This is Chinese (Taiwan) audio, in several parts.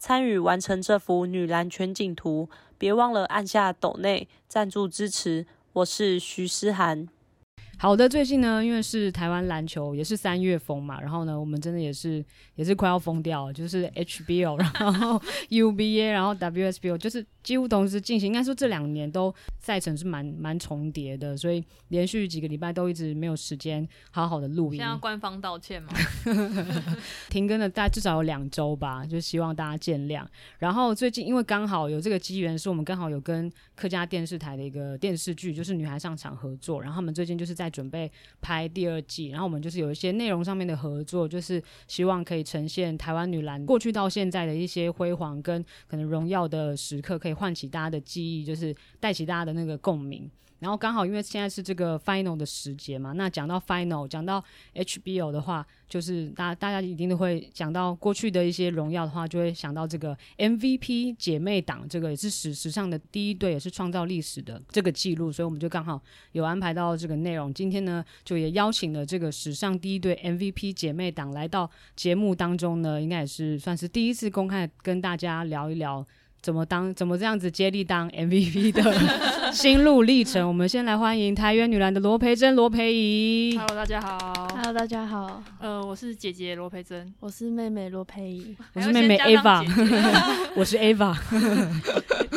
參與完成這幅女籃全景圖，別忘了按下抖內贊助支持。我是徐思涵。好的，最近呢，因為是台灣籃球，也是三月瘋嘛，然後呢，我們真的也是也是快要瘋掉了，就是 HBL 然後 UBA，然後 WSBL 就是。幾乎同時進行，應該說這兩年都賽程是蠻蠻重疊的，所以連續幾個禮拜都一直沒有時間好好的錄音。現在要官方道歉嗎？ 停更了大概至少有兩週吧，就希望大家見諒。然後最近因為剛好有這個機緣，是我們剛好有跟客家電視台的一個電視劇，就是《女孩上場》合作，然後他們最近就是在準備拍第二季，然後我們就是有一些內容上面的合作，就是希望可以呈現台灣女籃過去到現在的一些輝煌跟可能榮耀的時刻，可以，可以喚起大家的記憶，就是帶起大家的那個共鳴。然後剛好，因為現在是這個 final 的時節嘛，那講到 final，講到 HBL 的話，就是大家大家一定都會講到過去的一些榮耀的話，就會想到這個 MVP 姐妹檔，這個也是史上的第一對，也是創造歷史的這個記錄。所以我們就剛好有安排到這個內容。今天呢，就也邀請了這個史上第一對 MVP 姐妹檔來到節目當中呢，應該也是算是第一次公開跟大家聊一聊。怎麼當？怎麼這樣子接力當 MVP 的 心路歷程？我們先來歡迎台元女籃的羅培甄、羅培儀。Hello，大家好。Hello，大家好。呃，uh, 我是姐姐羅培甄，我是妹妹羅培儀，姐姐我是妹、e、妹 Eva，我是 Eva。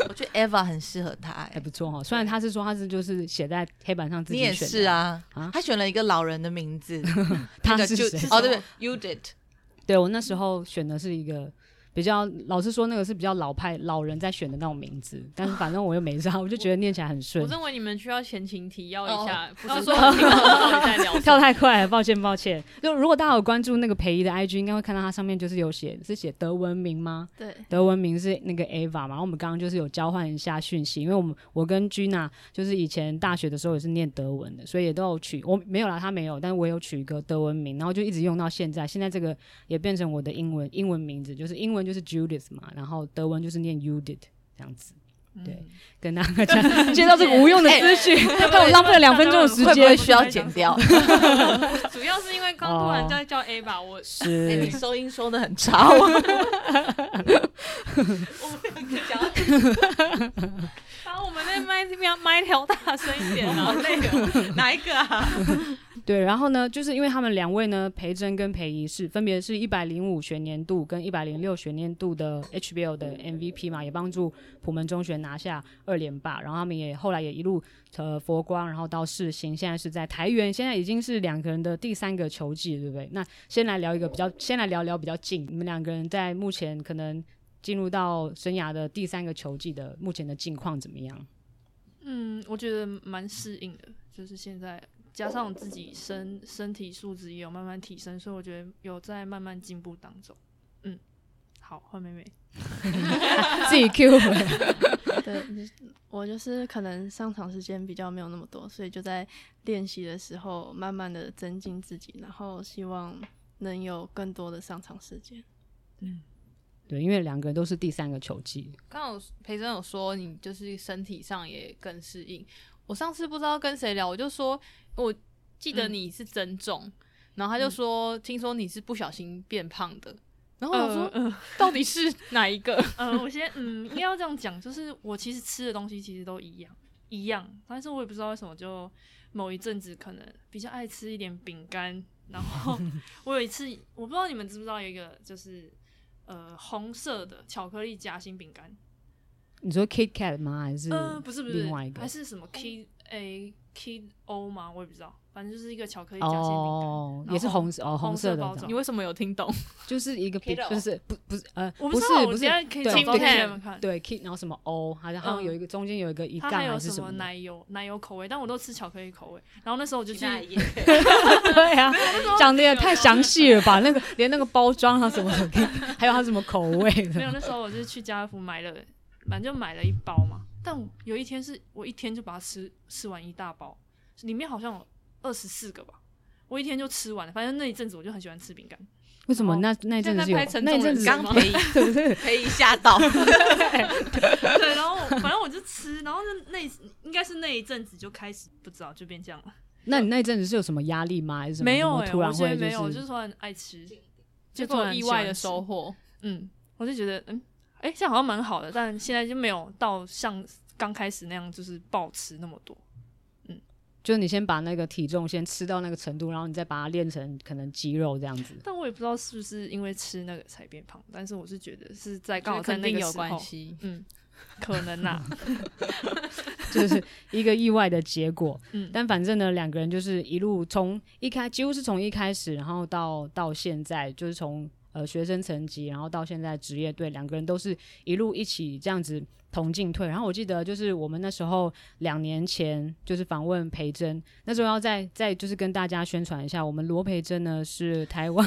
我覺得 Eva、e、很適合她、欸，還不錯哈、喔。雖然她是說她是就是寫在黑板上自己的對你也是啊，她、啊、選了一個老人的名字，她 就是誰？哦，對對，對 You did 對。對我那時候選的是一個。比較，老實說，那個是比較老派老人在選的那種名字，但是反正我又沒知道，我就覺得念起來很順。我認為你們需要前情提要一下，oh, 不是說 跳太快，抱歉抱歉。就如果大家有關注那個培儀的 IG，應該會看到它上面就是有寫，是寫德文名嗎？對，德文名是那個 Eva 嘛。然後我們剛剛就是有交換一下訊息，因為我們我跟 Gina 就是以前大學的時候也是念德文的，所以也都有取我沒有啦，他沒有，但我有取一個德文名，然後就一直用到現在。現在這個也變成我的英文英文名字，就是英文。就是 Judith 嘛，然後德文就是念 u d i t 這樣子，對，跟大家介紹這個無用的資訊，他幫我浪費了兩分鐘的時間，需要剪掉。主要是因為剛突然在叫 Ava，我是你收音收得很差，我把我們的麥這邊麥調大聲一點，啊那個哪一個啊？對，然後呢，就是因為他們兩位呢，培甄跟培儀是分別是一百零五學年度跟一百零六學年度的 HBL 的 MVP 嘛，也幫助普門中學拿下二連霸。然後他們也後來也一路呃佛光，然後到世新。現在是在台元，現在已經是兩個人的第三個球季了，對不對？那先來聊一個比較，先來聊聊比較近，你們兩個人在目前可能進入到生涯的第三個球季的目前的近況怎麼樣？嗯，我覺得蠻適應的，就是現在。加上我自己身身體素質也有慢慢提升，所以我覺得有在慢慢進步當中。嗯，好，換妹妹，自己 Q 回來。對，我就是可能上場時間比較沒有那麼多，所以就在練習的時候慢慢的增進自己，然後希望能有更多的上場時間。對、嗯，對，因為兩個人都是第三個球季。剛好培甄有說你就是身體上也更適應。我上次不知道跟誰聊，我就說。我記得你是增重，嗯、然後他就說：“聽說你是不小心變胖的。嗯”然後我說：“嗯，到底是哪一個？”嗯、呃，我先嗯，應該要這樣講，就是我其實吃的東西其實都一樣，一樣，但是我也不知道為什麼，就某一陣子可能比較愛吃一點餅乾。然後我有一次，我不知道你們知不知道有一個就是呃紅色的巧克力夾心餅乾。你說 KitKat 嗎？還是呃不是不是還是什麼 K A？紅、欸 Kid O 嗎？我也不知道，反正就是一個巧克力夾心餅乾，也是紅色哦，紅色的。你為什麼有聽懂？就是一個，就是不不是呃，我不知道，我現在可以聽不見。對，Kid，然後什麼 O，好像好像有一個中間有一個一槓還有什麼？奶油奶油口味，但我都吃巧克力口味。然後那時候我就加一。對呀，講的也太詳細了，吧。那個連那個包裝它什麼，還有它什麼口味的沒有，那時候我是去家樂福買了，反正就買了一包嘛。但有一天是我一天就把它吃吃完一大包，裡面好像有二十四個吧，我一天就吃完了。反正那一陣子我就很喜歡吃餅乾。為什麼後那那陣子有？是那陣子剛陪是不是陪一下到？ 對，然後反正我就吃，然後那那應該是那一陣子就開始不知道就變這樣了。那你那一陣子是有什麼壓力嗎？還是沒有？哎，我也沒有，就是突然愛吃，結果意外的收穫。嗯，我就覺得嗯。誒，現在好像蠻好的，但現在就沒有到像剛開始那樣，就是暴吃那麼多。嗯，就是你先把那個體重先吃到那個程度，然後你再把它練成可能肌肉這樣子。但我也不知道是不是因為吃那個才變胖，但是我是覺得是在剛開始那個時候，肯定有關係。嗯，可能啊， 就是一個意外的結果。嗯，但反正呢，兩個人就是一路從一開始，幾乎是從一開始，然後到到現在，就是從。呃，學生層級，然後到現在職業隊，兩個人都是一路一起這樣子同進退。然後我記得就是我們那時候兩年前就是訪問培甄，那時候要再再就是跟大家宣傳一下，我們羅培甄呢是台灣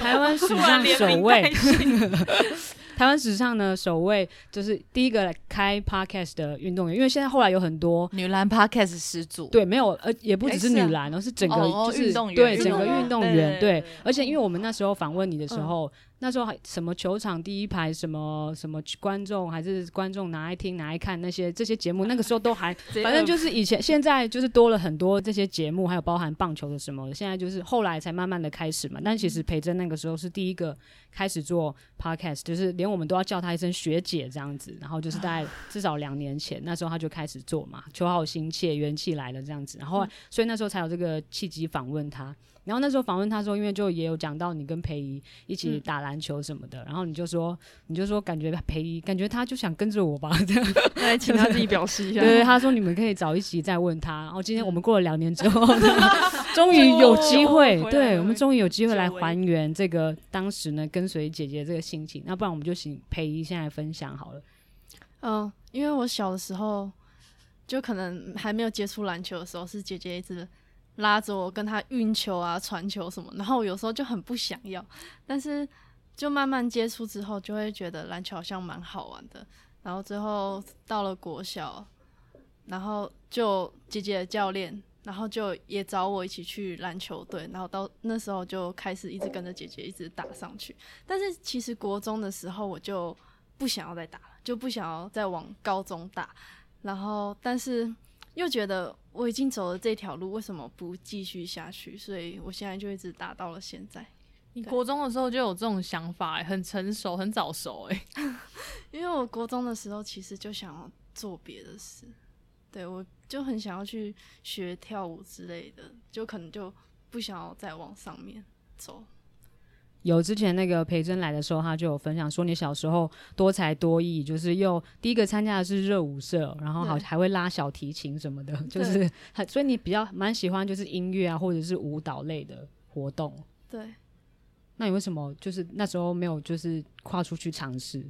台灣史上首位。 台灣史上呢，首位就是第一個來開 podcast 的運動員，因為現在後來有很多女籃 podcast 始祖，對，沒有，呃，也不只是女籃，而、欸是，啊、是整個就是對整個運動員，對，而且因為我們那時候訪問你的時候，嗯嗯那時候還什麼球場第一排什麼什麼觀眾還是觀眾，拿來聽拿來看那些這些節目，那個時候都還，反正就是以前，現在就是多了很多這些節目，還有包含棒球的什麼，現在就是後來才慢慢的開始嘛。但其實，培甄那個時候是第一個開始做 podcast，就是連我們都要叫她一聲學姐這樣子。然後就是大概至少兩年前，那時候她就開始做嘛，求好心切、元氣來了這樣子。然後所以那時候才有這個契機訪問她。然後那時候訪問他說，因為就也有講到你跟培儀一起打籃球什麼的，嗯、然後你就說，你就說感覺培儀感覺他就想跟着我吧，這樣來 請他自己表示一下。對他說，你們可以早一些再問他。然、哦、後今天我們過了兩年之後，終於 有機會，對，對我們終於有機會來還原這個當時呢跟隨姐姐這個心情。那不然我們就請培儀先來分享好了。嗯，因為我小的時候就可能還沒有接觸籃球的時候，是姐姐一直。拉着我跟他運球啊、傳球什麼，然後我有時候就很不想要，但是就慢慢接觸之後，就會覺得籃球好像蠻好玩的。然後最後到了國小，然後就姐姐的教練，然後就也找我一起去籃球隊，然後到那時候就開始一直跟着姐姐一直打上去。但是其實國中的時候我就不想要再打了，就不想要再往高中打。然後但是。又覺得我已經走了這條路，為什麼不繼續下去？所以我現在就一直打到了現在。你國中的時候就有這種想法、欸，很成熟，很早熟、欸、 因為我國中的時候其實就想要做別的事，對，我就很想要去學跳舞之類的，就可能就不想要再往上面走。有之前那個培珍來的時候，他就有分享說，你小時候多才多藝，就是又第一個參加的是熱舞社，然後好還會拉小提琴什麼的，對就是很所以你比較蠻喜歡就是音樂啊或者是舞蹈類的活動。對，那你為什麼就是那時候沒有就是跨出去嘗試？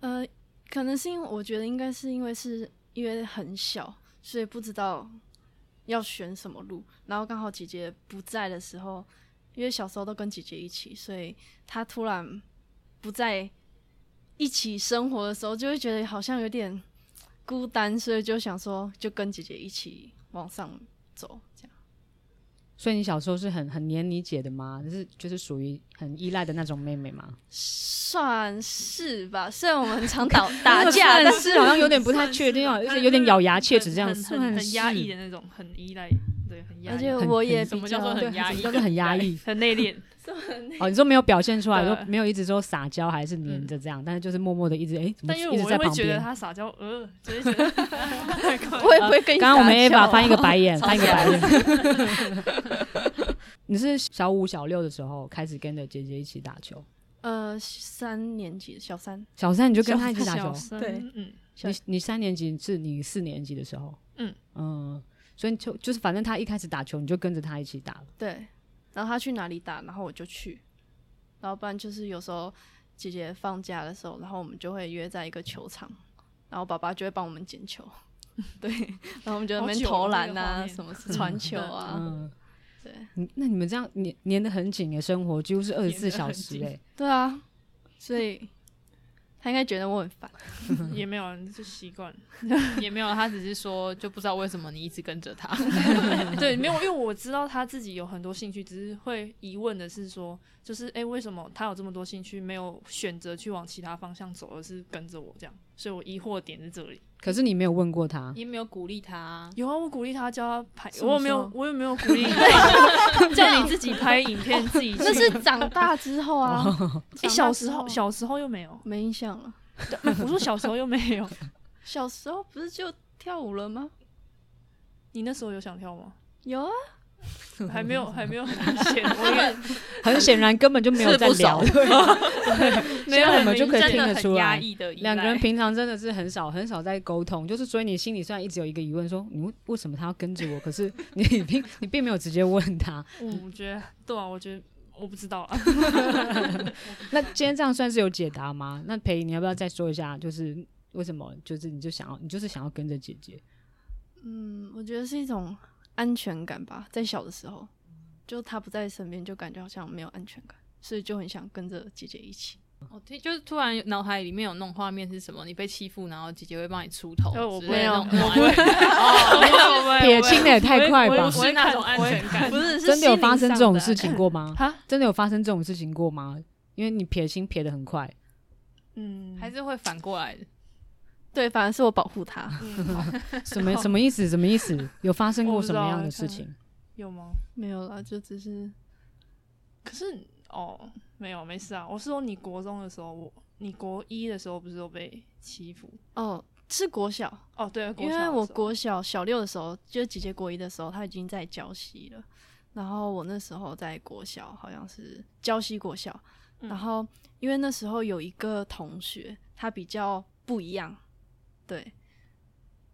呃，可能是因為我覺得應該是因為是因為很小，所以不知道要選什麼路，然後剛好姐姐不在的時候。因為小時候都跟姐姐一起，所以她突然不在一起生活的時候，就會覺得好像有點孤單，所以就想說就跟姐姐一起往上走，這樣。所以你小時候是很很黏你姐的嗎？是就是就是屬於很依賴的那種妹妹嗎？算是吧，雖然我們很常打 打架，是但是好像有點不太確定，有點咬牙切齒這樣子，啊就是。很很壓是抑的那種，很依賴，對，很壓抑，而且我也怎麼叫做很壓抑，很內斂。哦，你說沒有表現出來，都沒有一直說撒嬌，還是黏着這樣，但是就是默默的一直哎，一直在旁邊。但因為我就會覺得他撒嬌，呃，只會覺得，會不會跟。剛剛我們 A 把翻一個白眼，翻一個白眼。你是小五、小六的時候開始跟着姐姐一起打球？呃，三年級，小三。小三你就跟他一起打球，對，嗯。你你三年級是你四年級的時候，嗯嗯，所以就就是反正他一開始打球，你就跟着他一起打了，對。然後他去哪裡打，然後我就去，然後不然就是有時候姐姐放假的時候，然後我們就會約在一個球場，然後爸爸就會幫我們撿球，對，然後我們就在那邊投籃吶、啊，什麼是傳球啊？的嗯、對，那你們這樣粘粘的很緊的生活幾乎是二十四小時哎、欸，對啊，所以。他應該覺得我很煩，也沒有，就習慣， 也沒有。他只是說，就不知道為什麼你一直跟着他。 對，沒有，因為我知道他自己有很多興趣，只是會疑問的是說，就是誒、欸，為什麼他有這麼多興趣，沒有選擇去往其他方向走，而是跟着我這樣？所以，我疑惑點在這裡。可是你沒有問過他，你也沒有鼓勵他、啊。有啊，我鼓勵他教他拍，我沒有，我也沒有鼓勵 叫你自己拍影片，自己、 哦。那是長大之後啊，小時候小時候又沒有，沒印象了。我說小時候又沒有， 小時候不是就跳舞了嗎？你那時候有想跳嗎？有啊。還沒有，還沒有很顯， 我很顯然根本就沒有在聊，對， 對沒有，我們就可以聽得出來。兩個人平常真的是很少很少在溝通， 就是所以你心裡雖然一直有一個疑問說，說你為什麼他要跟着我，可是你並你，你，你並沒有直接問他。嗯，我覺得對啊，我覺得我不知道啊。 那今天這樣算是有解答嗎？那培儀你要不要再說一下，就是為什麼，就是你就想要，你就是想要跟着姐姐？嗯，我覺得是一種。安全感吧。在小的時候，就他不在身邊，就感覺好像沒有安全感，所以就很想跟着姐姐一起。哦，就是突然腦海裡面有那種畫面是什麼？你被欺負，然後姐姐會幫你出頭。沒有，沒有，撇清的也太快吧？不是那種安全感，不是，是的，啊、真的有發生這種事情過嗎？哈、啊，真的有發生這種事情過嗎？因為你撇清撇的很快，嗯，還是會反過來的。對，反而是我保護他。嗯、 什麼什麼意思？ 什麼意思？有發生過什麼樣的事情？啊、有嗎？沒有了，就只是。可是哦，沒有，沒事啊。我是說你國中的時候，我你國一的時候不是都被欺負？哦，是國小哦，對、啊，國小。因為我國小小六的時候，就姐姐國一的時候，她已經在礁溪了。然後我那時候在國小，好像是礁溪國小。然後因為那時候有一個同學，他比較不一樣。嗯對，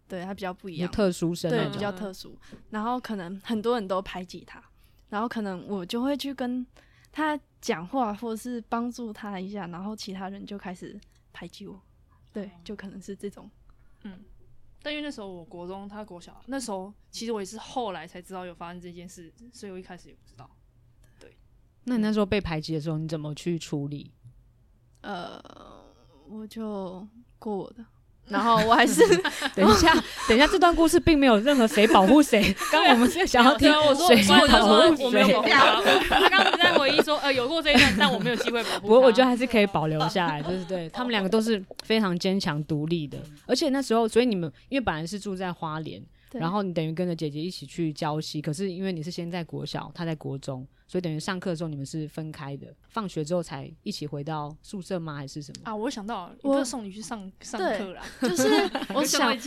對他比較不一樣，特殊身份，對比較特殊，然後可能很多人都排擠他，然後可能我就會去跟他講話，或者是幫助他一下，然後其他人就開始排擠我，對，就可能是這種。嗯，嗯，但因為那時候我國中他國小，那時候其實我也是後來才知道有發生這件事，所以我一開始也不知道。對，那你那時候被排擠的時候，你怎麼去處理？嗯、呃，我就過我的。 然後我還是等一下，等一下，這段故事並沒有任何誰保護誰。剛剛 才 我們是想要聽誰保護誰？他剛剛在回憶說，呃，有過這一段， 但我沒有機會保護。我我覺得還是可以保留下來，就是對他們兩個都是非常堅強獨立的，而且那時候，所以你們因為本來是住在花蓮。然後你等於跟着姐姐一起去教西。對可是因為你是先在國小，她在國中，所以等於上課的時候你們是分開的，放學之後才一起回到宿舍嗎？還是什麼？啊，我想到了，我要送你去上對上課啦。就是我想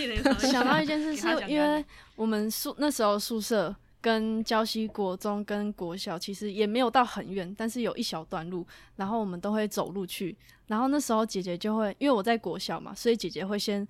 想到一件事，是因為我們宿那時候宿舍跟教西國中跟國小其實也沒有到很遠，但是有一小段路，然後我們都會走路去，然後那時候姐姐就會因為我在國小嘛，所以姐姐會先。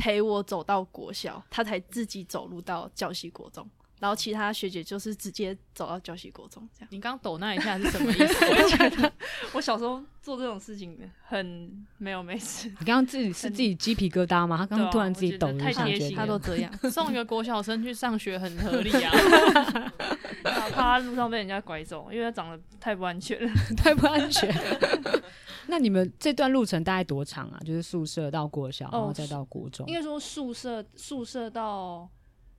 陪我走到國小，他才自己走路到教習國中，然後其他學姐就是直接走到教習國中，這樣。你剛抖那一下是什麼意思？ 我覺得，我小時候做這種事情很沒有沒事。你剛剛自己是自己雞皮疙瘩嗎？很他剛剛突然自己抖太貼心，他都這樣送一個國小生去上學很合理啊， 怕，怕他路上被人家拐走，因為他長得太不安全了，太不安全了。 那你們這段路程大概多長啊？就是宿舍到國小，然後再到國中。哦、應該說宿舍宿舍到，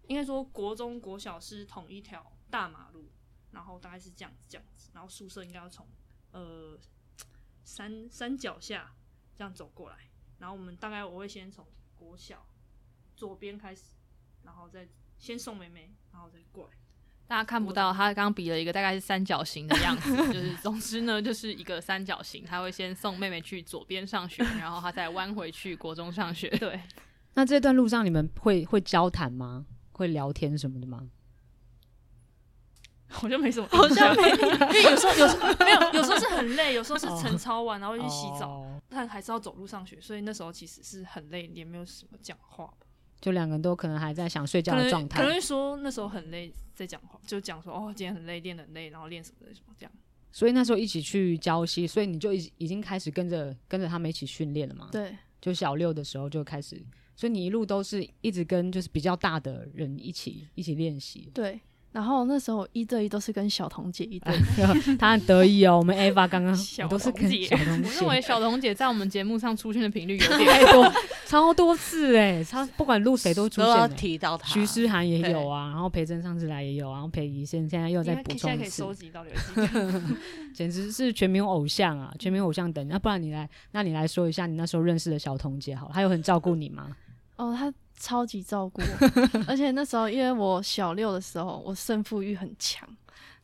應該說國中國小是同一條大馬路，然後大概是這樣子，這樣子。然後宿舍應該要從呃山山腳下這樣走過來。然後我們大概我會先從國小左邊開始，然後再先送妹妹，然後再過來。大家看不到，他剛比了一個大概是三角形的樣子， 就是總之呢，就是一個三角形。他會先送妹妹去左邊上學，然後他再彎回去國中上學。 對，那這段路上你們會會交談嗎？會聊天什麼的嗎？好像沒什麼，好像沒有。因為有時候， 有時候沒有，有時候是很累，有時候是晨操完然後去洗澡，oh. 但還是要走路上學，所以那時候其實是很累，也沒有什麼講話。就兩個人都可能還在想睡覺的狀態，可能會說，那時候很累，在講話，就講說哦，今天很累，練得很累，然後練什麼什麼這樣。所以那時候一起去教西，所以你就已已經開始跟着跟着他們一起訓練了嘛？對，就小六的時候就開始，所以你一路都是一直跟就是比較大的人一起一起練習。對。然後那時候一對一都是跟曉彤姐一對他、 啊、她很得意哦。我們 Eva 剛剛都是曉彤姐。我認為曉彤姐在我們節目上出現的頻率有點多， 超多次哎、欸，超不管錄誰都出現、欸。要提到她，徐詩涵也有、啊、對也有啊，然後培甄上次來也有，然後培儀現現在又在補充。現在可以收集到劉心， 簡直是全民偶像啊！全民偶像等，那不然你來，那你來說一下你那時候認識的曉彤姐好了，她有很照顧你嗎？哦，她。超級照顧我， 而且那時候因為我小六的時候，我勝負慾很強，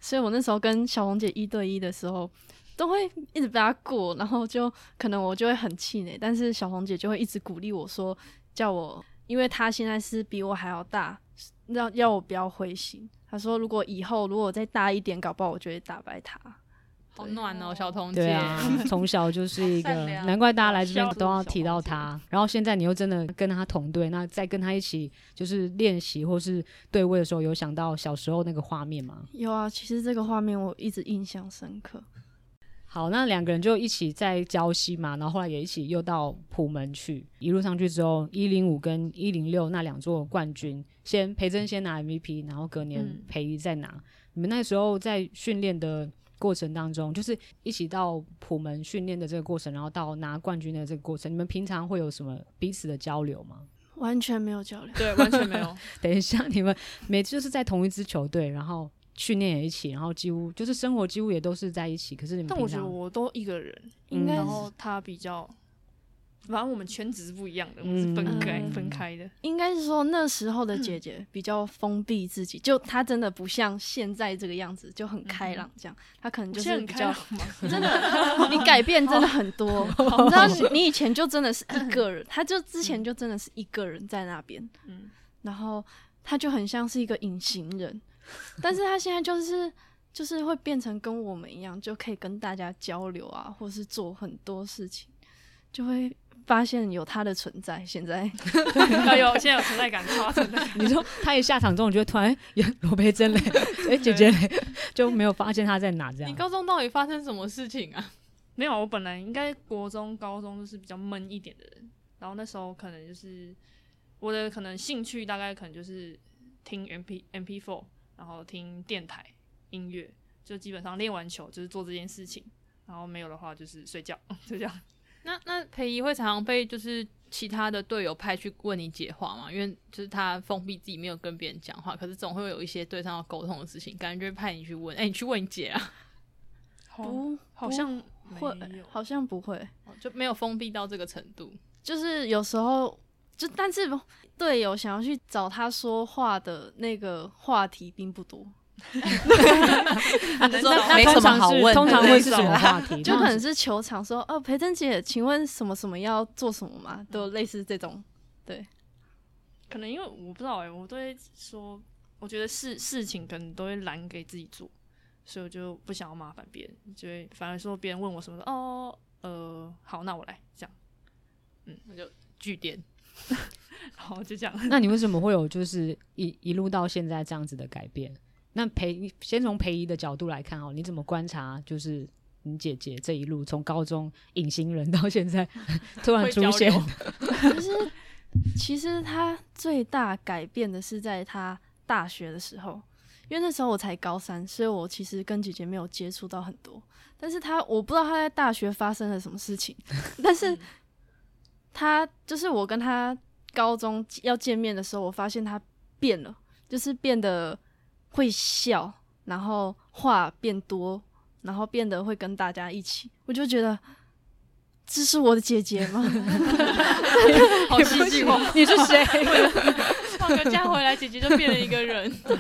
所以我那時候跟小紅姐一對一的時候，都會一直被她過，然後就可能我就會很氣餒，但是小紅姐就會一直鼓勵我說，叫我，因為她現在是比我還要大，讓要我不要灰心。她說如果以後如果我再大一點，搞不好我就會打敗她。對好暖哦，曉彤姐。從小就是一個， 良難怪大家來這邊都要提到他。然後現在你又真的跟他同隊，那再跟他一起就是練習或是對位的時候，有想到小時候那個畫面嗎？有啊，其實這個畫面我一直印象深刻。好，那兩個人就一起在教西嘛，然後後來也一起又到普門去。一路上去之後，一零五跟一零六那兩座冠軍，先培甄先拿 MVP，然後隔年培儀再拿。嗯、你們那時候在訓練的。過程當中，就是一起到普門訓練的這個過程，然後到拿冠軍的這個過程，你們平常會有什麼彼此的交流嗎？完全沒有交流， 對，完全沒有。 等一下，你們每次就是在同一支球隊，然後訓練也一起，然後幾乎就是生活幾乎也都是在一起。可是，你們平常但我覺得我都一個人，應該，嗯、然後他比較。反正我們圈子是不一樣的，我們是分開分開的。應該是說那時候的姐姐比較封閉自己，就她真的不像現在這個樣子，就很開朗這樣。她可能就是比較真的，你改變真的很多。你知道，你以前就真的是一個人，她就之前就真的是一個人在那邊。嗯，然後她就很像是一個隱形人，但是她現在就是就是會變成跟我們一樣，就可以跟大家交流啊，或是做很多事情，就會。發現有他的存在，現在、 啊、有現在有存在感， 的話存在。 你說他一下場中，我就突然有羅培甄嘞，哎、欸欸，姐姐就沒有發現他在哪這樣。 你高中到底發生什麼事情啊？沒有，我本來應該國中、高中都是比較悶一點的人，然後那時候可能就是我的可能興趣大概可能就是聽 M P M P four，然後聽電台音樂，就基本上練完球就是做這件事情，然後沒有的話就是睡覺，就這樣。那那培儀會常常被就是其他的隊友派去問你姐話嗎？因為就是他封閉自己，沒有跟別人講話，可是總會有一些對他要溝通的事情，感覺就派你去問。哎、欸，你去問你姐啊？好不，好像會，有好像不會，就沒有封閉到這個程度。就是有時候就，但是隊友想要去找他說話的那個話題並不多。那那通常是通常問是什麼話題？ 就可能是球場說：“哦，培甄姐，請問什麼什麼要做什麼嘛？”都類似這種。對，可能因為我不知道哎、欸，我對說，我覺得事事情可能都會攬給自己做，所以我就不想要麻煩別人，就會反而說別人問我什麼哦，呃，好，那我來這樣。嗯，那就句點。好， 就這樣。 那你為什麼會有就是一一路到現在這樣子的改變？那培先從培儀的角度來看哦、喔，你怎麼觀察？就是你姐姐這一路從高中隱形人到現在突然出現。 就是其實她最大改變的是在她大學的時候，因為那時候我才高三，所以我其實跟姐姐沒有接觸到很多。但是她，我不知道她在大學發生了什麼事情， 但是她就是我跟她高中要見面的時候，我發現她變了，就是變得。會笑，然後話變多，然後變得會跟大家一起，我就覺得這是我的姐姐嗎？好戲劇化 你是誰？ 放個假回來，姐姐就變了一個人。 對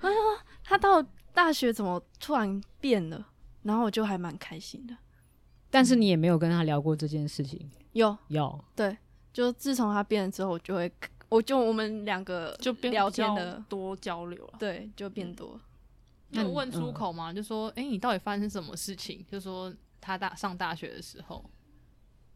我說她到大學怎麼突然變了，然後我就還蠻開心的。但是你也沒有跟她聊過這件事情。嗯、有有要對，就自從她變了之後，我就會。我就我們兩個就聊天的多交流了，對，就變多，就、嗯、問出口嘛，就說：“哎、嗯，欸，你到底發生什麼事情？”就說他大上大學的時候，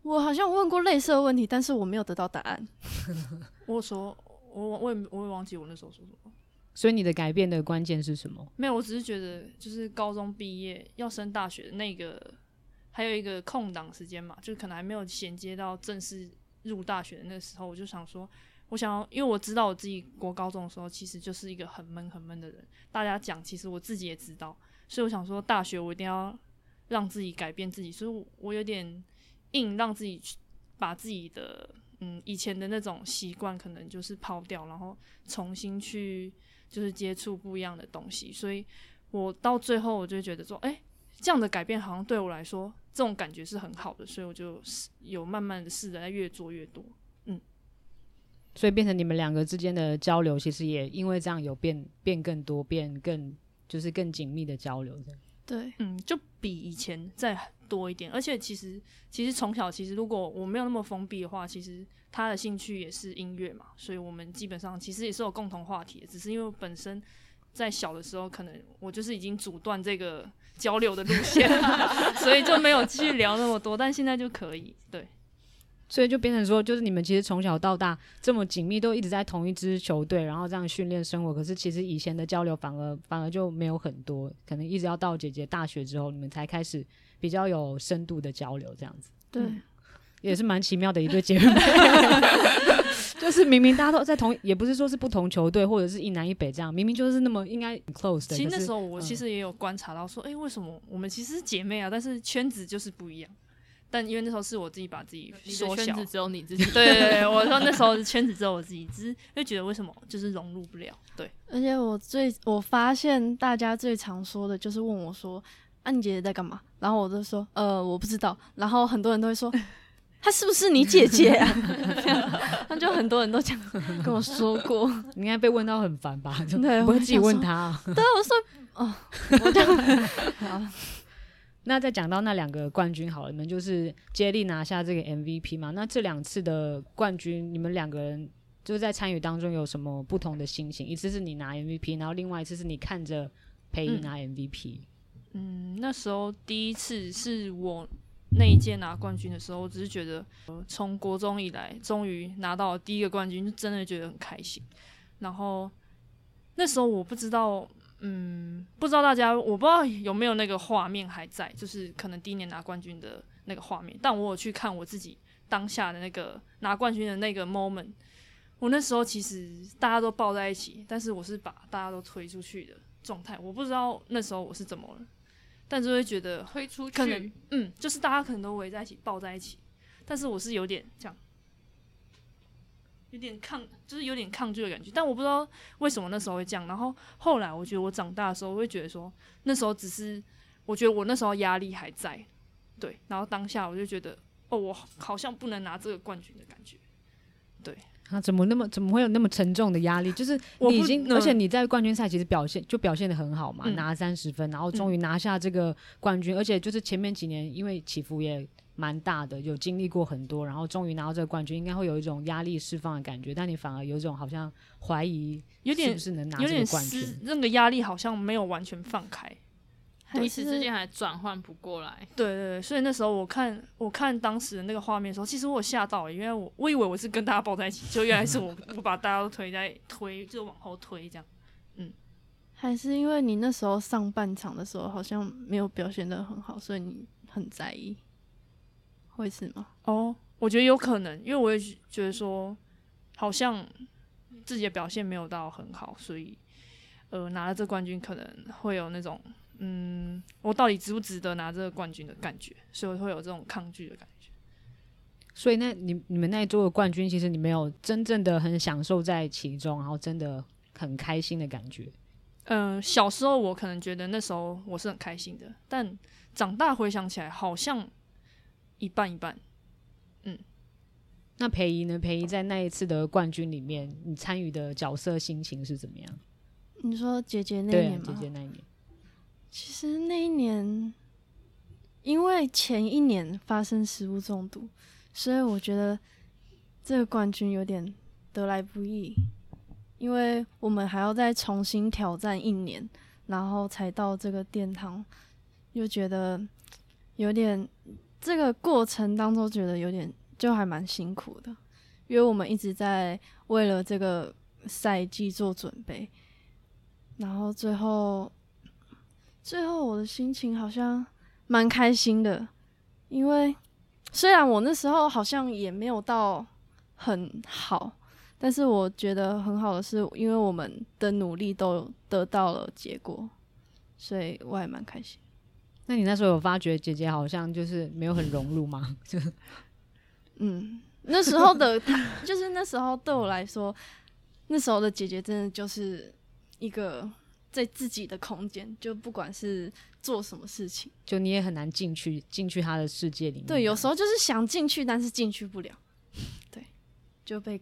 我好像問過類似的問題，但是我沒有得到答案。 我說：“我我也我也忘記我那時候說什麼。”所以你的改變的關鍵是什麼？沒有，我只是覺得就是高中畢業要升大學的那個還有一個空檔時間嘛，就可能還沒有銜接到正式入大學的那個時候，我就想說。我想要，因為我知道我自己國高中的時候其實就是一個很悶、很悶的人。大家講，其實我自己也知道，所以我想說，大學我一定要讓自己改變自己。所以，我有點硬讓自己把自己的，嗯，以前的那種習慣可能就是拋掉，然後重新去就是接觸不一樣的東西。所以我到最後，我就覺得說，哎、欸，這樣的改變好像對我來說，這種感覺是很好的。所以我就試，有慢慢的試著在越做越多。所以變成你們兩個之間的交流，其實也因為這樣有變變更多，變更就是更緊密的交流，是不是？對，嗯，就比以前再多一點。而且其實，其實從小其實如果我沒有那麼封閉的話，其實他的興趣也是音樂嘛，所以我們基本上其實也是有共同話題，只是因為本身在小的時候，可能我就是已經阻斷這個交流的路線， 所以就沒有繼續聊那麼多。但現在就可以，對。所以就變成說，就是你們其實從小到大這麼緊密，都一直在同一支球隊，然後這樣訓練生活。可是其實以前的交流反而反而就沒有很多，可能一直要到姐姐大學之後，你們才開始比較有深度的交流這樣子。對，也是蠻奇妙的一對姐妹， 就是明明大家都在同，也不是說是不同球隊或者是一南一北這樣，明明就是那麼應該很 close 的。其實那時候我其實也有觀察到說，說哎、嗯，欸，為什麼我們其實是姐妹啊，但是圈子就是不一樣。但因為那時候是我自己把自己縮小，圈子只有你自己。 對，對，對，我說那時候的圈子只有我自己，只是會覺得為什麼就是融入不了。對，而且我最我發現大家最常說的就是問我說：“安、啊、你姐姐在幹嘛？”然後我就說：“呃，我不知道。”然後很多人都會說：“她 是不是你姐姐啊？” 他就很多人都這樣跟我說過，你應該被問到很煩吧？對，我自己問他、啊。對， 對，我說哦。呃，我就那再講到那兩個冠軍好了，你們就是接力拿下這個 MVP 嘛？那這兩次的冠軍，你們兩個人就在參與當中有什麼不同的心情？一次是你拿 MVP，然後另外一次是你看着培儀拿 MVP。嗯。嗯，那時候第一次是我那一屆拿冠軍的時候，我只是覺得從國中以來終於拿到第一個冠軍，就真的覺得很開心。然後那時候我不知道。嗯，不知道大家，我不知道有沒有那個畫面還在，就是可能第一年拿冠軍的那個畫面。但我有去看我自己當下的那個拿冠軍的那個 moment，我那時候其實大家都抱在一起，但是我是把大家都推出去的狀態。我不知道那時候我是怎麼了，但是我會覺得可能推出去，嗯，就是大家可能都圍在一起，抱在一起，但是我是有點這樣。有點抗，就是有點抗拒的感覺，但我不知道為什麼那時候會這樣。然後後來我覺得我長大的時候，我會覺得說那時候只是我覺得我那時候壓力還在，對。然後當下我就覺得哦，我好像不能拿這個冠軍的感覺，對。那、啊、怎麼那麼怎麼會有那麼沉重的壓力？就是你已經，呃、而且你在冠軍賽其實表現就表現得很好嘛，嗯、拿三十分，然後終於拿下這個冠軍。嗯、而且就是前面幾年因為起伏也。蠻大的，有經歷過很多，然後終於拿到這個冠軍，應該會有一種壓力釋放的感覺。但你反而有一種好像懷疑，有點，有點失，那個壓力好像沒有完全放開，彼此是之間還轉換不過來。對，對對，所以那時候我看，我看當時的那個畫面時候，說其實我有嚇到了、欸，因為我我以為我是跟大家抱在一起，就原來是我 我把大家都推在推，就往後推這樣。嗯，還是因為你那時候上半場的時候好像沒有表現得很好，所以你很在意。為什麼？哦，oh, 我覺得有可能，因為我也覺得說，好像自己的表現沒有到很好，所以呃，拿了這冠軍可能會有那種嗯，我到底值不值得拿這個冠軍的感覺，所以我會有這種抗拒的感覺。所以那，那你你們那一座的冠軍，其實你沒有真正的很享受在其中，然後真的很開心的感覺。嗯、呃，小時候我可能覺得那時候我是很開心的，但長大回想起來，好像。一半一半，嗯，那培儀呢？培儀在那一次的冠軍裡面，你參與的角色心情是怎麼樣？你說姐姐那一年嗎？對，姐姐那一年。其實那一年，因為前一年發生食物中毒，所以我覺得這個冠軍有點得來不易，因為我們還要再重新挑戰一年，然後才到這個殿堂，又覺得有點。這個過程當中覺得有點就還蠻辛苦的，因為我們一直在為了這個賽季做準備，然後最後最後我的心情好像蠻開心的，因為雖然我那時候好像也沒有到很好，但是我覺得很好的是因為我們的努力都得到了結果，所以我還蠻開心。那你那時候有發覺姐姐好像就是沒有很融入嗎？就，嗯，那時候的， 就是那時候對我來說，那時候的姐姐真的就是一個在自己的空間，就不管是做什麼事情，就你也很難進去進去她的世界裡面。對，有時候就是想進去，但是進去不了，對，就被。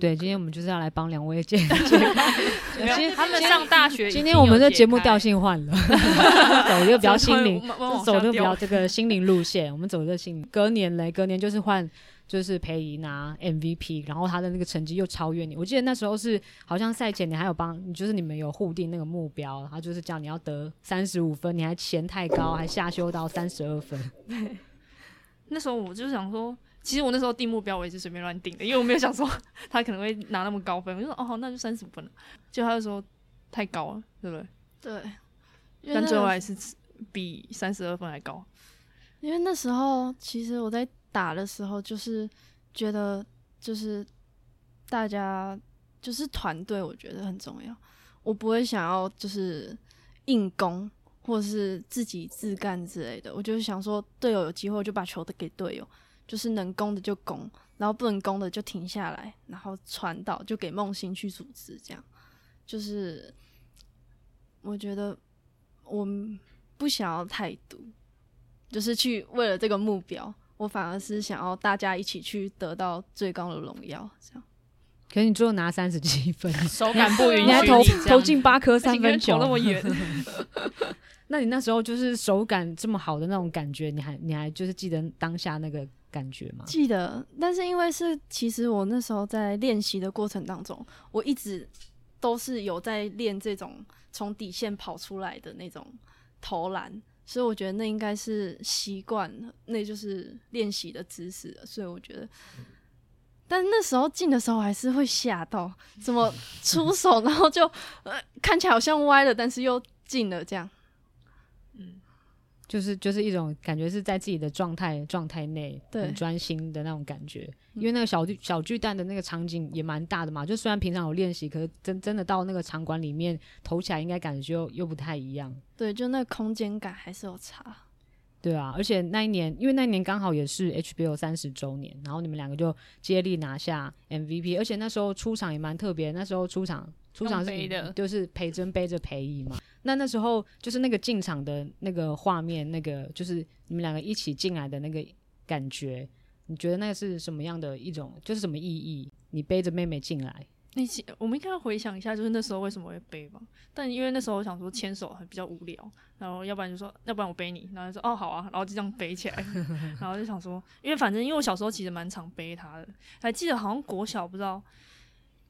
對，今天我們就是要來幫兩位姐姐。其實他們上大學今天。經今天我們的節目調性換了，走一個比較心靈，走一個比較這個心靈路線。我們走這個心靈，隔年嘞，隔年就是換，就是培儀拿 MVP 然後他的那個成績又超越你。我記得那時候是，好像賽前你還有幫，就是你們有互定那個目標，然後就是叫你要得三十五分，你還嫌太高，還下修到三十二分。那時候我就想說。其實我那時候定目標，我也是隨便亂定的，因為我沒有想說他可能會拿那麼高分，我就說哦好，那就三十五分了。就他就說太高了，對不對？對。但最後還是比三十二分還高。因為那時候其實我在打的時候，就是覺得就是大家就是團隊，我覺得很重要。我不會想要就是硬攻，或是自己自幹之類的。我就是想說，隊友有機會我就把球給隊友。就是能攻的就攻，然後不能攻的就停下來，然後傳導就給夢欣去組織，這樣。就是我覺得我不想要太多，就是去為了這個目標，我反而是想要大家一起去得到最高的榮耀。這樣。可是你最後拿三十七分，手感不允許， 你還投投進八顆三分球，那麼遠。那你那時候就是手感這麼好的那種感覺，你還你還就是記得當下那個。感覺嗎？記得，但是因為是其實我那時候在練習的過程當中，我一直都是有在練這種從底線跑出來的那種投籃，所以我覺得那應該是習慣，那就是練習的姿勢，所以我覺得，嗯、但那時候進的時候還是會嚇到，怎麼出手，然後就 呃，看起來好像歪了，但是又進了這樣。就是就是一種感覺是在自己的狀態狀態內很專心的那種感覺，對因為那個小小巨蛋的那個場景也蠻大的嘛，就雖然平常有練習，可是真真的到那個場館裡面投起來，應該感覺就又不太一樣。對，就那個空間感還是有差。對啊，而且那一年因為那一年剛好也是 HBL 三十週年，然後你們兩個就接力拿下 MVP，而且那時候出場也蠻特別，那時候出場。出場是背的，就是培甄背着培儀嘛。那那時候就是那個進場的那個畫面，那個就是你們兩個一起進來的那個感覺，你覺得那個是什麼樣的一種，就是什麼意義？你背着妹妹進來，那些我們應該要回想一下，就是那時候為什麼會背吧？但因為那時候我想說牽手還比較無聊，然後要不然就說要不然我背你，然後就說哦好啊，然後就這樣背起來， 然後就想說，因為反正因為我小時候其實蠻常背他的，還記得好像國小不知道。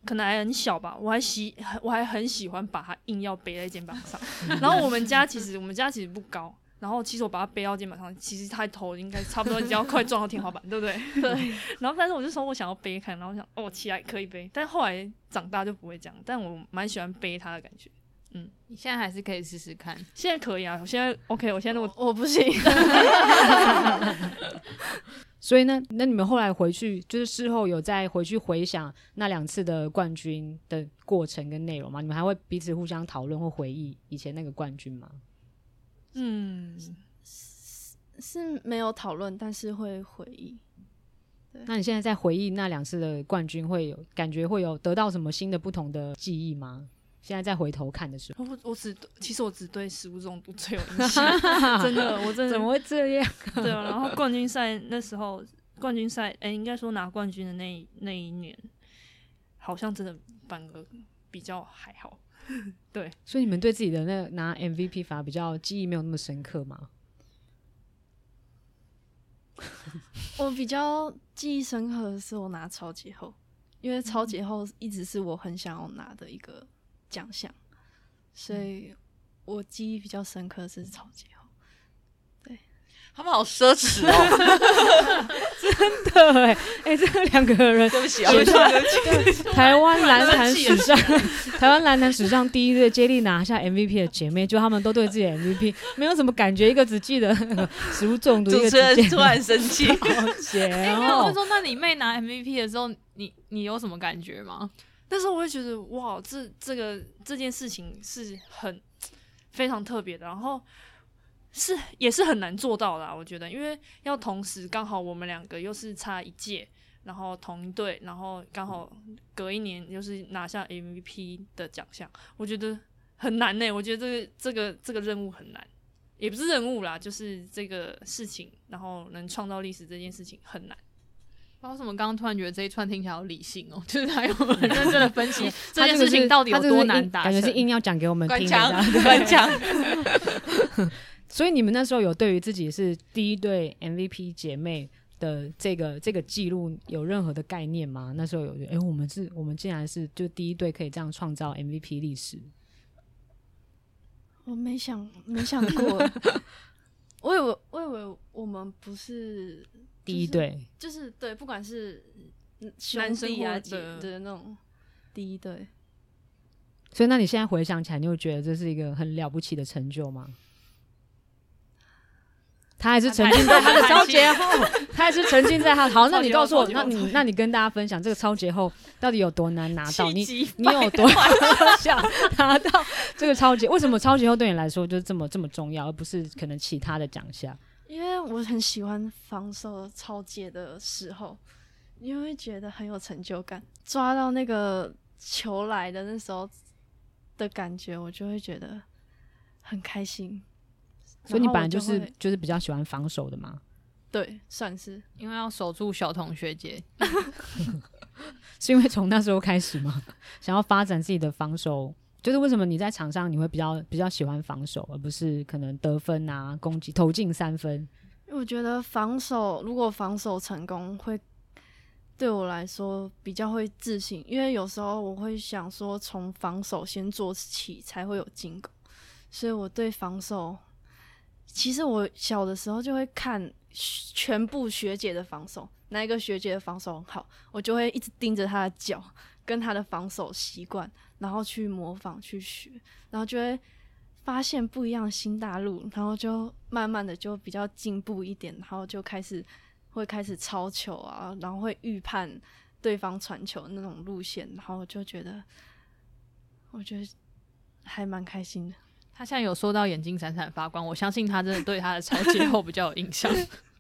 可能還很小吧，我還喜，我還很喜歡把它硬要背在肩膀上。 然後我們家其實， 我們家其實不高。然後其實我把它背到肩膀上，其實他頭應該差不多已經要快撞到天花板， 對不對？對。然後，但是我就說我想要背看，然後我想哦，起來可以背。但後來長大就不會這樣。但我蠻喜歡背它的感覺。嗯，你現在還是可以試試看。現在可以啊，我現在 OK，我現在我、哦、我不行。 所以呢，那你們後來回去就是事後有再回去回想那兩次的冠軍的過程跟內容嗎？你們還會彼此互相討論或回憶以前那個冠軍嗎？嗯，是是沒有討論，但是會回憶。對。那你現在在回憶那兩次的冠軍，會有感覺會有得到什麼新的不同的記憶嗎？現在再回頭看的時候，我,我只其實我只對食物中毒最有印象。 真的，我真的，怎麼會這樣？對、啊，然後冠軍賽那時候，冠軍賽哎、欸，應該說拿冠軍的那一那一年，好像真的反而比較還好。對，所以你們對自己的那個拿 MVP 法比較記憶沒有那麼深刻嗎？ 我比較記憶深刻的是我拿超級後，因為超級後一直是我很想要拿的一個。獎項，所以我記憶比較深刻的是超級好。對，他們好奢侈哦，真的哎哎、欸，這兩個人，對不起，絕台灣藍壇史上，台灣藍壇史上第一對接力拿下 MVP 的姐妹， 就他們都對自己的 MVP 沒有什麼感覺， 一個只記得食物中毒一個，主持人突然生氣，然後、 哦欸、我就說：“那你妹拿 MVP 的時候，你你有什麼感覺嗎？”但是我會覺得，哇，這這個這件事情是很非常特別的，然後是也是很難做到的啊。我覺得，因為要同時剛好我們兩個又是差一屆，然後同一隊，然後剛好隔一年又是拿下 MVP 的獎項，我覺得很難呢欸，我覺得這個這個這個任務很難，也不是任務啦，就是這個事情，然後能創造歷史這件事情很難。為什麼剛剛突然覺得這一串聽起來好理性哦、喔？就是他有很認真的分析這件事情到底有多難打就，感覺是硬要講給我們聽的。關強，所以你們那時候有對於自己是第一對 MVP 姐妹的這個這個記錄有任何的概念嗎？那時候有，哎、欸，我們是，我們竟然是就第一對可以這樣創造 MVP 歷史。我沒想，沒想過。 我以為，我以為我們不是。第一對，就是對，不管是兄弟啊姐，的那種第一，就是就是，對。就是就是，對。所以，那你現在回想起來，你會覺得這是一個很了不起的成就嗎？他還是沉浸在他的抄截後，還沒還沒，還他還是沉浸在他的。好，那你告訴我，那你那你跟大家分享這個抄截後到底有多難拿到？你你有多想蛋 拿到這個抄截？為什麼抄截後對你來說就是這麼這麼重要，而不是可能其他的獎項？因為我很喜歡防守，抄截的時候，你會覺得很有成就感，抓到那個球來的那時候的感覺，我就會覺得很開心。所以你本來就是就，就是比較喜歡防守的嗎？對，算是，因為要守住曉彤學姐， 是因為從那時候開始嗎？想要發展自己的防守。就是為什麼你在場上你會比較比較喜歡防守，而不是可能得分啊、攻擊、投進三分？因為我覺得防守，如果防守成功，會對我來說比較會自信。因為有時候我會想說，從防守先做起，才會有進攻。所以我對防守，其實我小的時候就會看全部學姐的防守，哪一個學姐的防守好，我就會一直盯着她的腳跟她的防守習慣。然後去模仿去學，然後就會發現不一樣的新大陸，然後就慢慢的就比較進步一點，然後就開始會開始抄球啊，然後會預判對方傳球那種路線，然後就覺得我覺得還蠻開心的。他現在有說到眼睛閃閃發光，我相信他真的對他的抄球後比較有印象。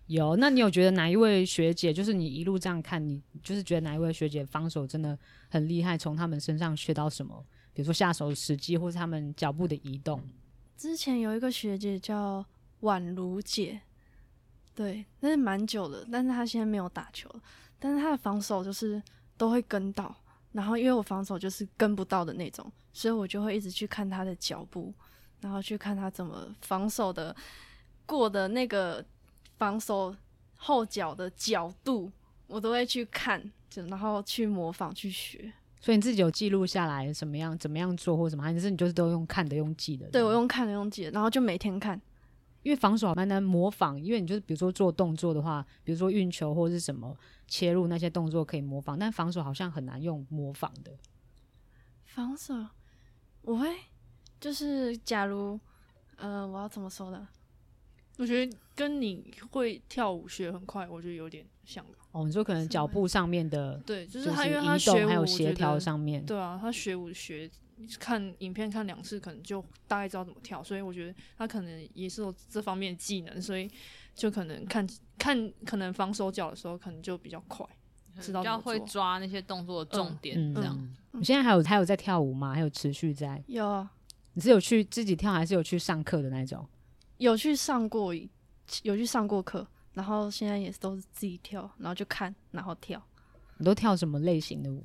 有，那你有覺得哪一位學姐，就是你一路這樣看，你就是覺得哪一位學姐防守真的很厲害，從他們身上學到什麼？比如說下手時機，或是他們腳步的移動。之前有一個學姐叫婉如姐，對，那是蠻久的，但是她現在沒有打球，但是她的防守就是都會跟到，然後因為我防守就是跟不到的那種，所以我就會一直去看她的腳步，然後去看她怎麼防守的過的那個。防守後腳的角度，我都會去看，就然後去模仿去學。所以你自己有記錄下來什麼樣、怎麼樣做，或什麼還是你就是都用看的、用記的？對，我用看的、用記的，然後就每天看。因為防守蠻難模仿，因為你就是比如說做動作的話，比如說運球或是什麼切入那些動作可以模仿，但防守好像很難用模仿的。防守，我會就是假如，嗯、呃，我要怎麼說呢？我覺得跟你會跳舞學很快，我覺得有點像。哦，你說可能腳步上面的，對，就是他、哦、因為他學舞還有協調上面，對啊、嗯，他學舞學看影片，看兩次，可能就大概知道怎麼跳，所以我覺得他可能也是有這方面的技能，所以就可能看看可能防守腳的時候，可能就比較快，知道比較會抓那些動作的重點這樣。你現在還有還有在跳舞嗎？還有持續在？有啊。你是有去自己跳，還是有去上課的那種？有去上過，有去上過課，然後現在也是都是自己跳，然後就看，然後跳。你都跳什麼類型的舞？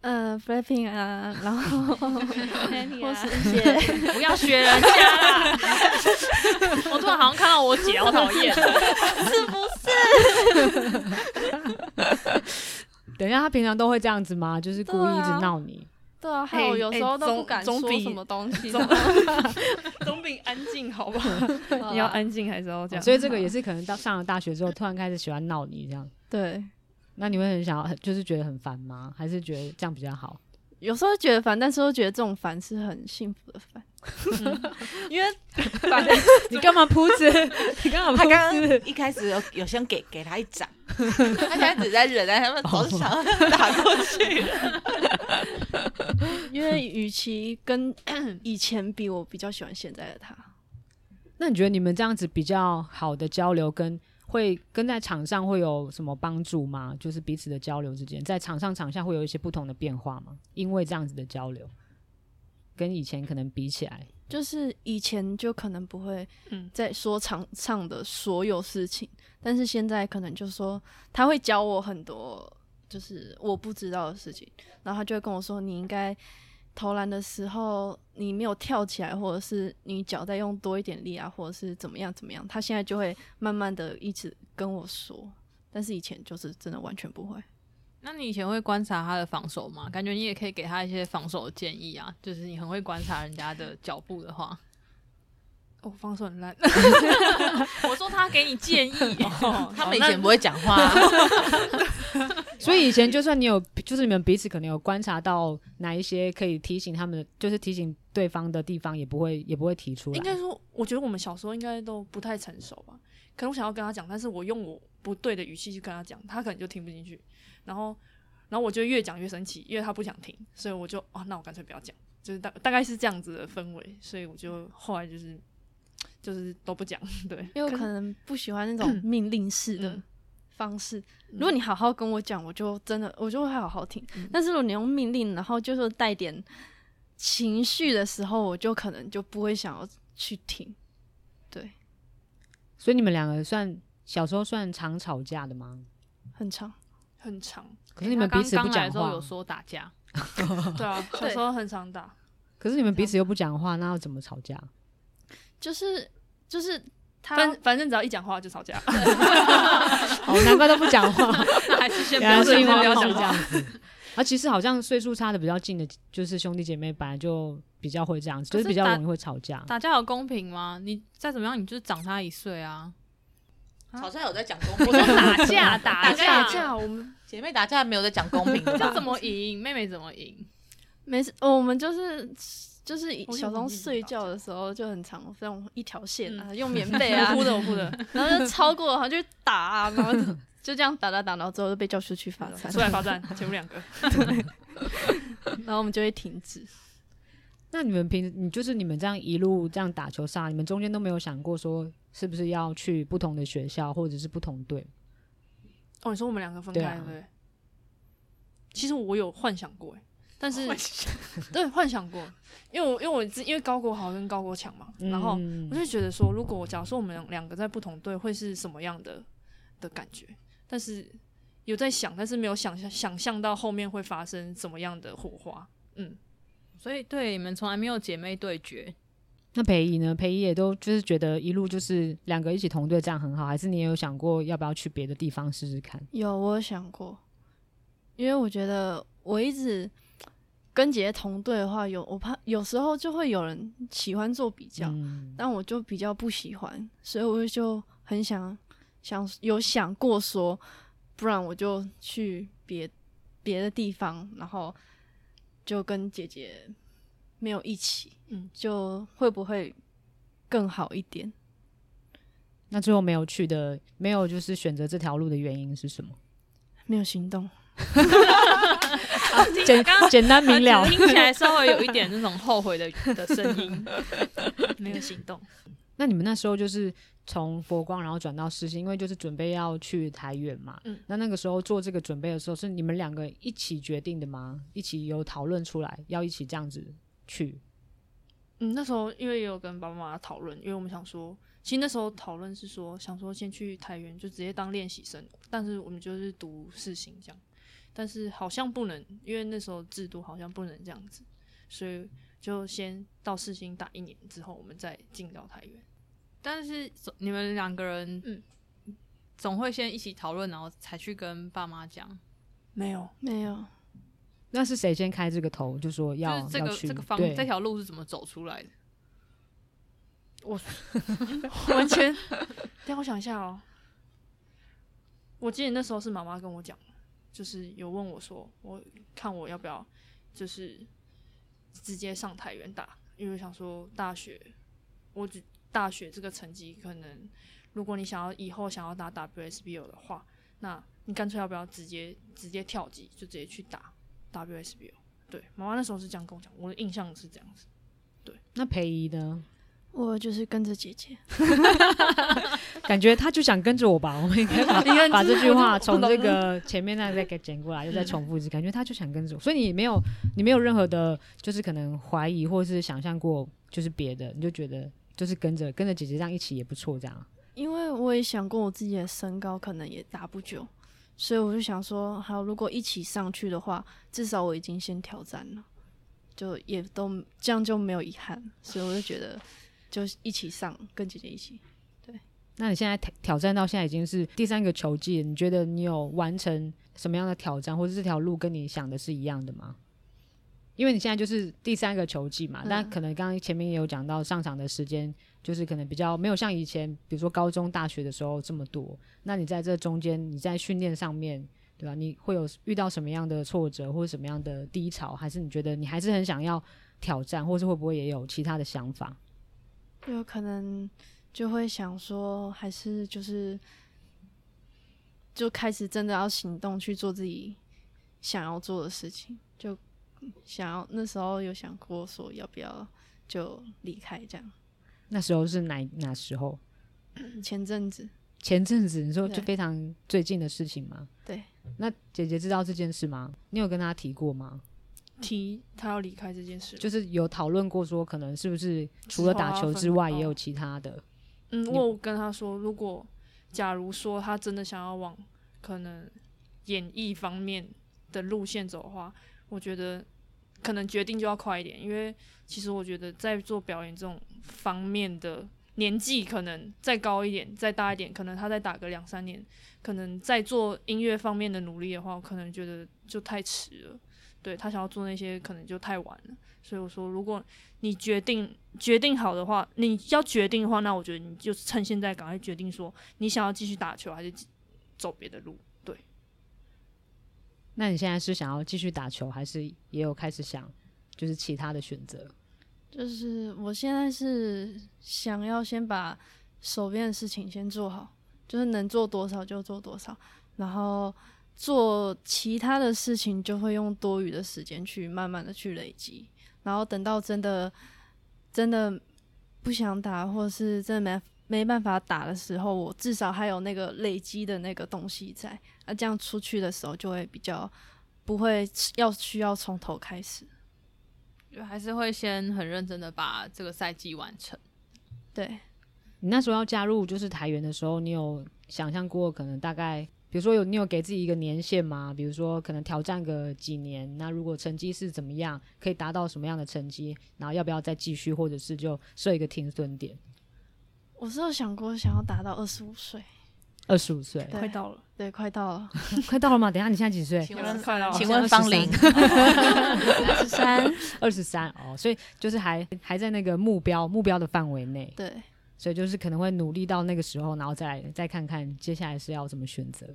呃，flipping 啊，然後 我、啊、我不要學人家啦！ 我突然好像看到我姐，好討厭， 是不是？ 等一下，她平常都會這樣子嗎？就是故意一直鬧你？對啊，欸、還有有時候都不敢說什麼東西，總比安靜好不好？ 你要安靜還是要這樣，啊？所以這個也是可能到上了大學之後， 突然開始喜歡鬧你這樣。對，那你會很想要，就是覺得很煩嗎？還是覺得這樣比較好？有時候覺得煩，但是又覺得這種煩是很幸福的煩。 因為，反正你幹嘛撲哧？你剛好他剛剛一開始有有想給給他一掌， 他現在只在忍啊，他們總想打過去。因為與其跟以前比，我比較喜歡現在的他。那你覺得你們這樣子比較好的交流跟、跟會跟在場上會有什麼幫助嗎？就是彼此的交流之間，在場上場下會有一些不同的變化嗎？因為這樣子的交流。跟以前可能比起來，就是以前就可能不會在說場上的所有事情，嗯、但是現在可能就是說他會教我很多就是我不知道的事情，然後他就會跟我說你應該投籃的時候你沒有跳起來，或者是你腳再用多一點力啊，或者是怎麼樣怎麼樣，他現在就會慢慢的一直跟我說，但是以前就是真的完全不會。那你以前會觀察他的防守嗎？感覺你也可以給他一些防守的建議啊，就是你很會觀察人家的腳步的話。我、哦、防守很爛， 我說他給你建議， 哦、他們以前不會講話、啊，哦、 所以以前就算你有，就是你們彼此可能有觀察到哪一些可以提醒他們，就是提醒對方的地方，也不會也不會提出。應該說，我覺得我們小時候應該都不太成熟吧。可能我想要跟他講，但是我用我不對的語氣去跟他講，他可能就聽不進去。然後，然後我就越講越生氣，因為他不想聽，所以我就哦，那我乾脆不要講，就是大大概是這樣子的氛圍。所以我就後來就是。就是都不講，對，因為我可能不喜歡那種命令式的方式。嗯嗯嗯、如果你好好跟我講，我就真的我就會好好聽。嗯、但是如果你用命令，然後就說帶點情緒的時候，我就可能就不會想要去聽，對。所以你們兩個算小時候算常吵架的嗎？很常，很常。可是你們彼此不講話有時候有說打架， 對啊，小時候很常打。對可是你們彼此又不講話，那要怎麼吵架？就是就是他反正只要一講話就吵架，好、 哦，難怪都不講話， 還是先不要不要 Yeah, 樣子。啊，其實好像歲數差得比較近的，就是兄弟姐妹本來就比較會這樣子，是就是比較容易會吵架。打架有公平嗎？你再怎麼樣，你就是長他一歲啊。吵架有在講公平，我說打架打架打架，我們姐妹打架沒有在講公平， 就怎麼贏？妹妹怎麼贏？沒事、哦，我們就是。就是小時候睡覺的時候就很長，用一條線啊，嗯、用棉被啊，的、的，然後就超過了，他就去打啊，然後就這樣打打打，然後之後就被叫出去罰站，出來罰站，前面兩個，對 然後我們就會停止。那你們平時，你就是你們這樣一路這樣打球上你們中間都沒有想過說是不是要去不同的學校或者是不同隊？哦，你說我們兩個分開對、啊對。其實我有幻想過、欸但是，對，幻想過，因為我因為我因為高國豪跟高國強嘛，然後我就覺得說，如果我假如說，我們兩個在不同隊，會是什麼樣的的感覺？但是有在想，但是沒有想象想象到後面會發生什麼樣的火花。嗯，所以對，你們從來沒有姐妹對決。那培儀呢？培儀也都就是覺得一路就是兩個一起同隊這樣很好，還是你也有想過要不要去別的地方試試看？有，我有想過，因為我覺得我一直。跟姐姐同隊的話，有我怕有時候就會有人喜歡做比較，嗯，但我就比較不喜歡，所以我就很想想有想過說，不然我就去別別的地方，然後就跟姐姐沒有一起，嗯，就會不會更好一點？那最後沒有去的，沒有就是選擇這條路的原因是什麼？沒有行動。 好簡簡單剛、啊、明了聽起來稍微有一點那種後悔的 的聲音，沒有行動。 那你們那時候就是從佛光然後轉到世新，因為就是準備要去台元嘛。嗯，那那個時候做這個準備的時候，是你們兩個一起決定的嗎？一起有討論出來要一起這樣子去？嗯，那時候因為也有跟爸爸媽媽討論，因為我們想說，其實那時候討論是說想說先去台元就直接當練習生，但是我們就是讀世新這樣。但是好像不能，因為那時候制度好像不能這樣子，所以就先到世新打一年，之後我們再進到台元。但是你們兩個人，嗯，總會先一起討論，然後才去跟爸媽講。嗯、沒有，沒有。那是誰先開這個頭，就說要就是、這個、要去？這個這個方對這條路是怎麼走出來的？我完全。 等我想一下哦、喔，我記得那時候是媽媽跟我講。就是有問我說，我看我要不要，就是直接上台元打，因為我想說大學，我只大學這個成績可能，如果你想要以後想要打 WSBL 的話，那你乾脆要不要直接直接跳級，就直接去打 WSBL？對，媽媽那時候是這樣跟我講，我的印象是這樣子。對，那培儀呢？我就是跟着姐姐， 感覺他就想跟着我吧。我們應該把 把這句話從這個前面那再給剪過來， 又再重複一次。感覺他就想跟着我，所以你沒有你沒有任何的，就是可能懷疑或是想象過就是別的，你就覺得就是跟着跟着姐姐這樣一起也不錯，這樣。因為我也想過我自己的身高可能也達不久，所以我就想說，好，如果一起上去的話，至少我已經先挑戰了，就也都這樣就沒有遺憾，所以我就覺得。就一起上，跟姐姐一起。對，那你現在挑戰到現在已經是第三個球季，你覺得你有完成什麼樣的挑戰，或者這條路跟你想的是一樣的嗎？因為你現在就是第三個球季嘛，嗯，但可能剛剛前面也有講到，上場的時間就是可能比較沒有像以前，比如說高中、大學的時候這麼多。那你在這中間，你在訓練上面，對吧？你會有遇到什麼樣的挫折，或者什麼樣的低潮，還是你覺得你還是很想要挑戰，或者會不會也有其他的想法？就可能就會想說，還是就是就開始真的要行動去做自己想要做的事情，就想要那時候有想過說要不要就離開這樣。那時候是哪哪時候？前陣子。前陣子你說就非常最近的事情嗎？對。那姐姐知道這件事嗎？你有跟她提過嗎？提他要離開這件事，就是有討論過說，可能是不是除了打球之外，也有其他的。嗯，你我跟他說，如果假如說他真的想要往可能演藝方面的路線走的話，我覺得可能決定就要快一點，因為其實我覺得在做表演這種方面的年紀可能再高一點、再大一點，可能他再打個兩三年，可能再做音樂方面的努力的話，我可能覺得就太遲了。對，他想要做那些，可能就太晚了。所以我說，如果你決定決定好的話，你要決定的話，那我覺得你就趁現在趕快決定，說你想要繼續打球還是走別的路。對。那你現在是想要繼續打球，還是也有開始想，就是其他的選擇？就是我現在是想要先把手邊的事情先做好，就是能做多少就做多少，然後。做其他的事情，就會用多餘的時間去慢慢的去累積，然後等到真的真的不想打，或是真的沒沒辦法打的時候，我至少還有那個累積的那個東西在，那、啊、這樣出去的時候就會比較不會要需要從頭開始，就還是會先很認真的把這個賽季完成。對，你那時候要加入就是台元的時候，你有想象過可能大概？比如說你有你有給自己一個年限嗎？比如說可能挑戰個幾年，那如果成績是怎麼樣，可以達到什麼樣的成績，然後要不要再繼續，或者是就設一個停損點？我是有想過想要達到二十五歲，二十五歲快到了，對，快到了，快到了嗎？等下 你現在幾歲？請問請問芳齡？二十三，二十三哦，所以就是還還在那個目標目標的範圍內，對。所以就是可能會努力到那個時候，然後再來再看看接下來是要怎麼選擇。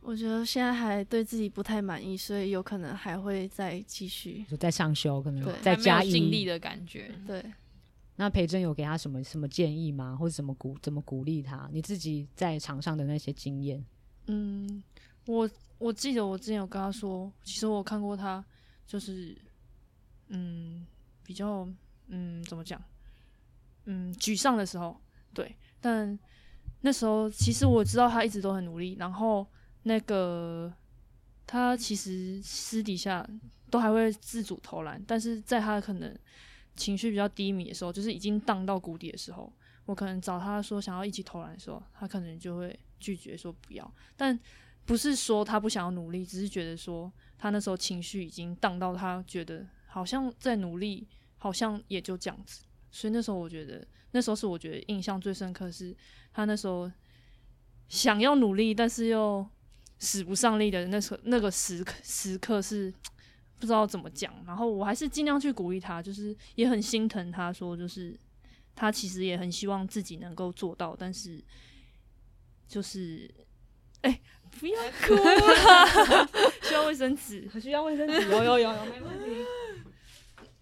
我覺得現在還對自己不太滿意，所以有可能還會再繼續，就再上修，可能對再加一。精力的感覺，對。那培甄有給他什麼什麼建議嗎？或者怎麼鼓怎麼鼓勵他？你自己在場上的那些經驗。嗯，我我記得我之前有跟他說，其實我看過他，就是嗯，比較嗯，怎麼講？嗯，沮喪的時候，對，但那時候其實我知道他一直都很努力，然後那個他其實私底下都還會自主投籃，但是在他可能情緒比較低迷的時候，就是已經盪到谷底的時候，我可能找他說想要一起投籃的時候，他可能就會拒絕說不要，但不是說他不想要努力，只是覺得說他那時候情緒已經盪到他覺得好像在努力，好像也就這樣子。所以那時候我覺得，那時候是我覺得印象最深刻，是他那時候想要努力，但是又使不上力的那時候那個時刻，時刻是不知道怎麼講。然後我還是盡量去鼓勵他，就是也很心疼他說，就是他其實也很希望自己能夠做到，但是就是哎、欸、不要哭了， 需要衛生紙，需要衛生紙，有，有有有有，沒問題。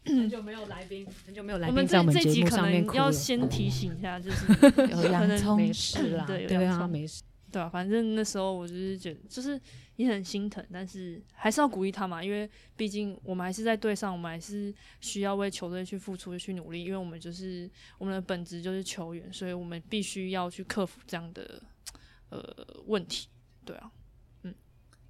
很久沒有來賓，很久沒有來賓。我們這這集可能要先提醒一下，嗯、就是可能沒事啦 有洋蔥、嗯，對啊，有洋蔥。對啊，反正那時候我就是覺得，就是也很心疼，但是還是要鼓勵他嘛，因為畢竟我們還是在隊上，我們還是需要為球隊去付出，去努力，因為我們就是我們的本職就是球員，所以我們必須要去克服這樣的呃問題。對啊。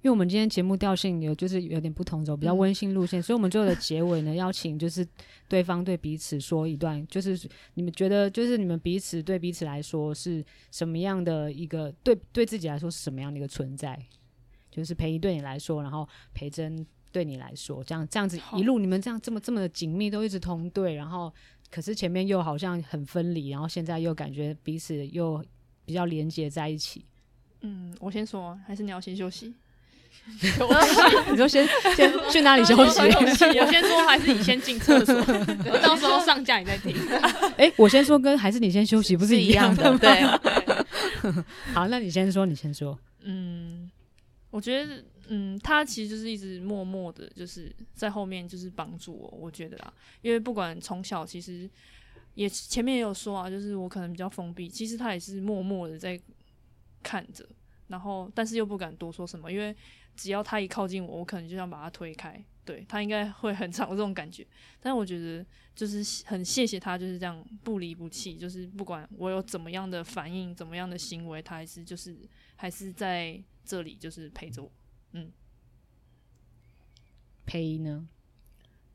因為我們今天節目調性有就是有點不同，走比較溫馨路線，嗯、所以我們最後的結尾呢，邀請就是對方對彼此說一段， 就是你們覺得就是你們彼此對彼此來說是什麼樣的一個對對自己來說是什麼樣的一個存在，就是培儀對你來說，然後培甄對你來說，這樣這樣子一路你們這樣這麼這麼緊密都一直同隊，然後可是前面又好像很分離，然後現在又感覺彼此又比較連接在一起。嗯，我先說，還是你要先休息。我 先，你就先先去哪裡休息？我先說還是你先進廁所？我到時候上架你再聽。哎，我先說跟還是你先休息不是一樣的？對。好，那你先說，你先說。嗯，我覺得，嗯，他其實就是一直默默的，就是在後面就是幫助我。我覺得啦，因為不管從小其實也前面也有說啊，就是我可能比較封閉，其實他也是默默的在看着，然後但是又不敢多說什麼，因為。只要他一靠近我，我可能就想把他推開。對他應該會很常這種感覺，但我覺得就是很謝謝他就是這樣不離不棄，就是不管我有怎麼樣的反應、怎麼樣的行為，他還是就是還是在這裡就是陪着我。嗯，陪呢？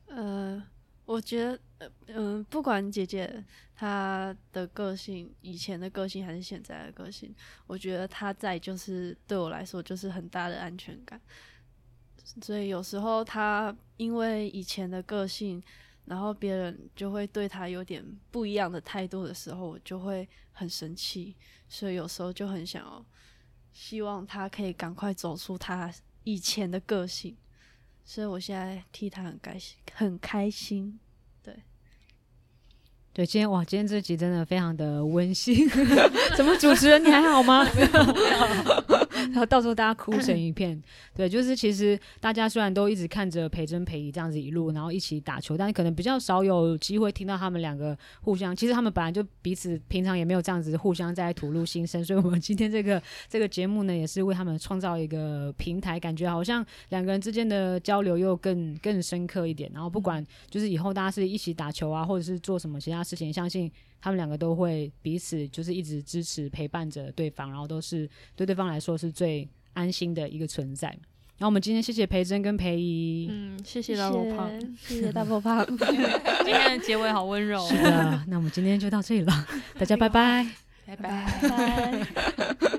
呃。我覺得，呃，嗯，不管姐姐她的個性，以前的個性還是現在的個性，我覺得她在就是對我來說就是很大的安全感。所以有時候她因為以前的個性，然後別人就會對她有點不一樣的態度的時候，我就會很生氣。所以有時候就很想要希望她可以趕快走出她以前的個性。所以，我現在替他很開心，很開心。對，對，今天，哇，今天這集真的非常的溫馨。 怎麼，主持人 你還好嗎？ 然後 到時候大家哭成一片，對，就是其實大家雖然都一直看着培甄、培儀這樣子一路，然後一起打球，但是可能比較少有機會聽到他們兩個互相，其實他們本來就彼此平常也沒有這樣子互相在吐露心聲，所以我們今天這個這個節目呢，也是為他們創造一個平台，感覺好像兩個人之間的交流又更更深刻一點。然後不管就是以後大家是一起打球啊，或者是做什麼其他事情，相信。他們兩個都會彼此就是一直支持陪伴着對方，然後都是對對方來說是最安心的一個存在。那、啊、我們今天謝謝培甄跟培儀，嗯，謝謝大伯胖謝謝，謝謝大伯胖。 今天的結尾好溫柔、哦。是的，那我們今天就到這裡了，大家拜拜，哎、拜拜。拜拜